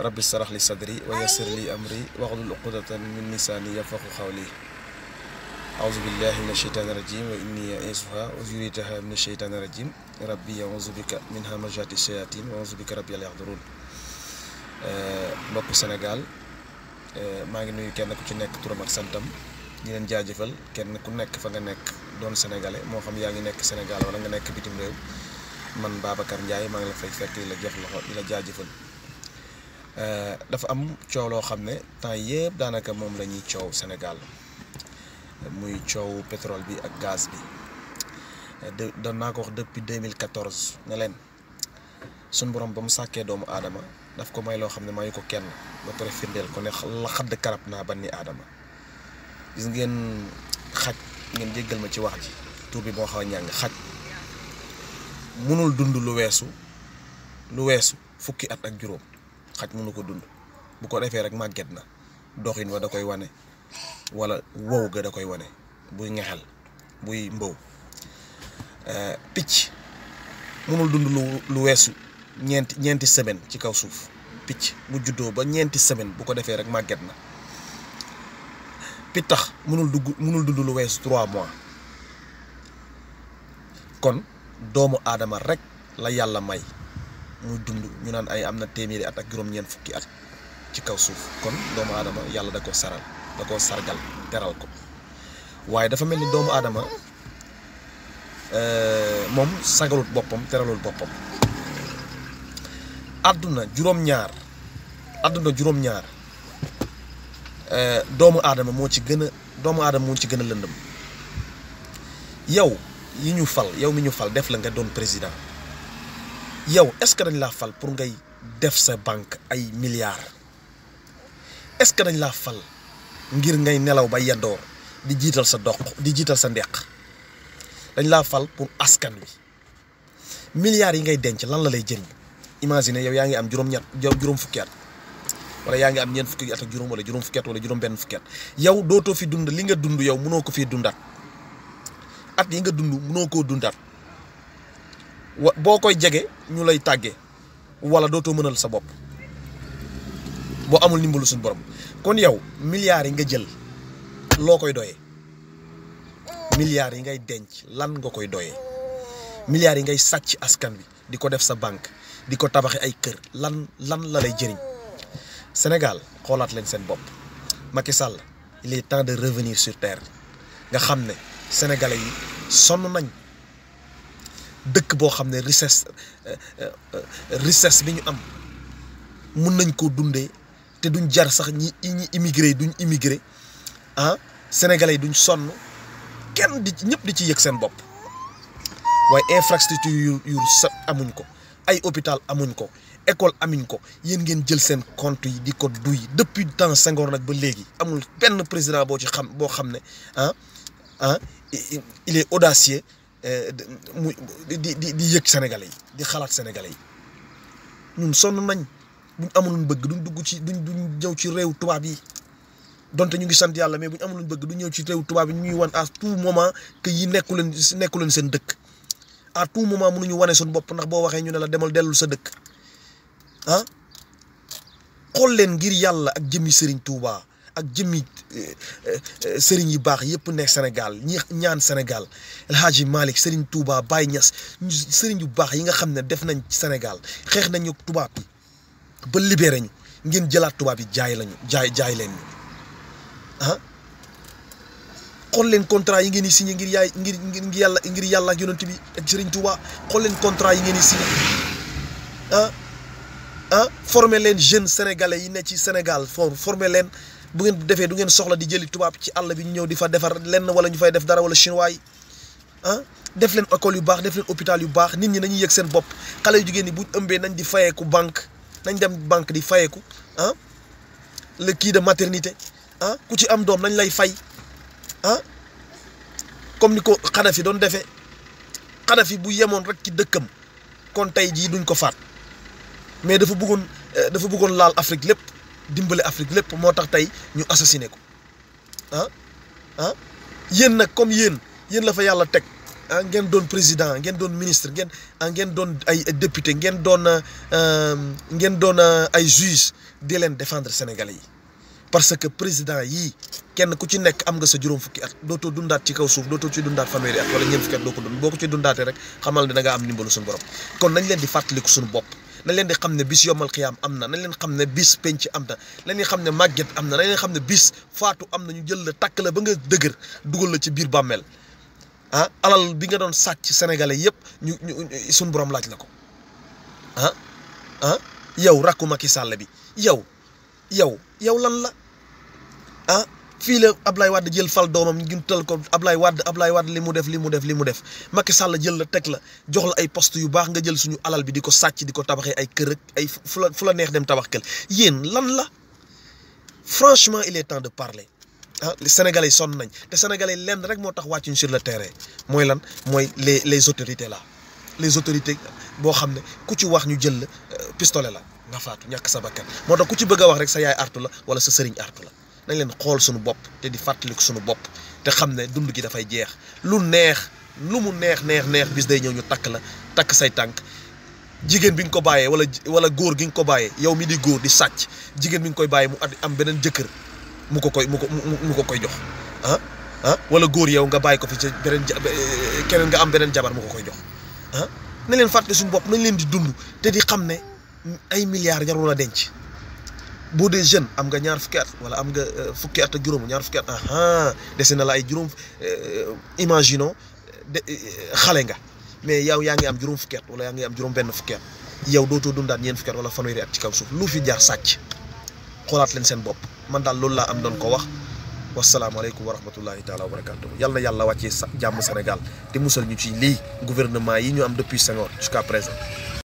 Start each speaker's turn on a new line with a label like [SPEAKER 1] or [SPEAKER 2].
[SPEAKER 1] rabbi sarax li sadri wa yassir li amri waxlul uqdatan min lisaani yafaqu xawli auzu billahi min asheytaani rajim wa inni insuha wa zuritaha min asheytaani rajim rabbi auzu bika min hamajati shayatin wa auzu bika rabbi al yaxdurun mbokku Sénégal maa ngi nuyu kenn ku ci nekk turam ak santam di leen jaajëfal kenn ku nekk fa nga nekk doon sénégalais moo xam yaa ngi nekk Sénégal wala nga nekk bitim réew man Babacar Ndiaye maa ngi la fay fekk di la jox loxo di la jaajëfal Euh, dafa am coow loo xam ne temps yëpp daanaka moom lañuy ñuy coow Sénégal muy coow pétrole bi ak gaz bi euh, de doon naa ko wax depuis 2014 ne leen suñ borom ba mu sàkkee doomu aadama daf ko may loo xam ne mayu ko kenn ba pare firndeel ko ne la xadd karab naa banni aadama gis ngeen xaj ngeen jéggal ma ci wax ji tur bi moo xaw a ñàng xaj mënul dund lu weesu lu weesu fukki at ak juróom xaj mënu ko dund bu ko defee rek màgget na doxin wa da koy wane walla wow ga da koy wane buy ngexal buy mbow eh, picc mënul dund lu lu weesu ñeenti ñeenti semaine ci kaw suuf picc bu juddoo ba ñeenti semaine bu ko defee rek màgget na pittax mënul dugg mënul dund lu weesu trois mois kon doomu aadama rek la yàlla may muy dund ñu naan ay am na téeméeri at ak juróom-ñeent fukki at ci kaw suuf kon doomu aadama yàlla da ko saral da koo sargal teral ko waaye dafa mel ni doomu aadama euh, moom sagalut boppam teralul boppam àdduna juróom-ñaar àdduna juróom-ñaar euh, doomu aadama moo ci gën a doomu aadama moo ci gën a lëndëm yow yi ñu fal yow mi ñu fal def la nga doon président yow est-ce que dañ laa fal pour ngay def sa banque ay milliards est-ce que dañ laa fal ngir ngay nelaw ba yeddoor di jiital sa dox di jiital sa ndeq dañ laa fal pour askan wi milliards yi ngay denc lan la lay jëriñ imagine yow yaa ngi am juróom-ñett juróom fukki at wala yaa ngi am ñeen fukki at juróom wala juróom fukki at wala juróom benn fukki at dootoo fi dund li nga dund yow mënoo ko fii dundaat at yi nga dund mënoo koo dundaat wa boo koy jege ñu lay tàggee wala dootoo mënal sa bopp boo amul nimbalu suñu borom kon yow milliards yi nga jël loo koy doyee milliards yi ngay denc lan nga koy doyee milliards yi ngay sàcc askan wi di ko def sa banque di ko tabaxe ay kër lan lan la lay jëriñ Sénégal xoolaat leen seen bopp Macky Sall il est temps de revenir sur terre nga xam ne sénégalais yi sonn nañ. dëkk boo xam ne richesse euh, euh, richesse bi ñu am mun nañ koo dundee te duñ jar sax ñi ñi immigré yi duñ immigré ah sénégalais yi duñ sonn kenn di ñëpp di ci yëg seen bopp waaye infrastructure yu yu set amuñ ko ay hôpital amuñ ko école amuñ ko yéen ngeen jël seen compte yi di ko duy depuis temps sengoor nag ba léegi amul benn président boo ci xam boo xam ne ah ah il est audacieux mu eh, di di di yëg Sénégalais yi di xalaat Sénégalais yi ñun sonn nañ ñu amul luñ bëgg duñ dugg ci duñ duñ ñëw ci réew tubaab yi donte ñu ngi sant yàlla mais buñ amul luñ bëgg duñ ñëw ci réew tubaab yi ñuy wan a tout moment que yi nekku leen nekku leen seen dëkk à tout moment ñu wane sun bopp ndax boo waxee ñu ne la demal dellul sa dëkk ah xool leen ngir yàlla ak jëmmi sëriñ Touba. ak jëmmi eh, eh, sëriñ yu baax yëpp nekk Sénégal ñi ñaan Sénégal El Hadji sëriñ Touba Baye Niass sëriñ bu baax yi nga xam ne def nañ Sénégal xeex nañu tubaab bi ba libéré ñu ngeen jëlaat tubaab yi jaay lañu jaay jaay leen ñu ah xool leen contrat yi ngeen di signé ngir yaay ngir ngir yàlla ngir yàlla ak yonent bi ak sëriñ Touba xool leen contrat yi ngeen di signé ah ah former leen jeunes sénégalais yi ne ci Sénégal for former leen. bu ngeen defee du ngeen soxla di jëli tubaab ci àll bi ñu ñëw di fa defar lenn wala ñu fay def dara wala chinois yi ah def leen école yu baax def leen hôpital yu baax nit ñi nañuy yëg seen bopp xale yu jigéen ñi bu ëmbee nañ di fayeeku banque nañ dem banque di fayeeku ah kii de maternité ah ku ci am doom nañ lay fay ah comme ni ko Kadhafi doon defee Kadhafi bu yemoon rek ci dëkkam kon tey jii duñ ko faat mais dafa bëggoon euh, dafa bëggoon laal Afrique lépp dimbale Afrique lépp moo tax tey ñu assassiné ko ah ah yéen nag comme yéen yéen la fa yàlla teg ah ngeen doon président ngeen doon ministre ngeen ah, ngeen doon ay député ngeen doon euh, ngeen doon euh, ay juge di leen défendre Sénégalais yi parce que président yii kenn ku ci nekk am nga sa juróom fukki at dootoo dundaat ci kaw suuf dootoo ci dundaat fanweeri at wala ñeent fukki at doo ko dund boo ko ci dundaatee rek xamal ne da ngaa am ndimbalu suñu borom kon nañ leen di fàttaliku suñu bopp. nañ leen di xam ne bis yomal xiyaam am na na leen xam ne biis penc am na nañ leen xam ne màgget am na nañ leen xam ne bis faatu am na ñu jël la takk la ba nga dëgër dugal la ci biir bàmmeel ah alal bi nga doon sàcc sénégalais yëpp ñu ñu suñ borom laaj la ko ah ah yow rakku ki Sall bi yow yow yow lan fii la Ablaye Wade jël fal doomam ngir tal ko Ablaye Wade Ablaye Wade li mu def li mu def li mu def Macky Sall jël la teg la jox la ay poste yu baax nga jël suñu alal bi di ko sàcc di ko tabaxee ay kër ak ay fu la fu la neex dem tabax kel yéen lan la franchement il est temps de parler ah les sénégalais sonn nañ te sénégalais lenn rek moo tax wàccuñ sur le terrain mooy lan mooy les les autorités la les autorités boo xam ne ku ci wax ñu jël la euh, pistolet la nga faatu ñàkk sa bakkan moo tax ku ci bëgg a wax rek sa yaay artu la wala sa sëriñ artu la. nañ leen xool suñu bopp te di fàttaliku suñu bopp te xam ne dund gi dafay jeex lu neex lu mu neex neex neex bis day ñëw ñu takk la takk say tànk jigéen bi nga ko bàyyee wala wala góor gi nga ko bàyyee yow mi di góor di sàcc jigéen bi nga koy bàyyee mu am beneen jëkkër mu ko koy mu ko mu ko koy jox ah ah wala góor yow nga bàyyi ko fi ci beneen eh, keneen nga am beneen jabar mu ko koy jox ah leen fàttali suñu bopp nañ leen di dund te di xam ne ay milliards jarul la denc. boo dee jeune am nga ñaar fukki at wala am nga euh, fukki at ak juróom ñaar fukki at aha dese na la ay juróom euh, imaginons de euh, xale nga mais yow yaa ngi am juróom fukki at wala yaa ngi am juróom benn fukki at yow dootoo dundaat ñeent fukki at wala fanweeri at ci kaw suuf lu fi jaar sàcc xoolaat leen seen bopp man daal loolu laa am doon ko wax wasalaamaaleykum wa rahmatullahi taala wa barakatuh yal na yàlla wàccee jàmm Sénégal te musal ñu ci lii gouvernement yi ñu am depuis Senghor jusqu'à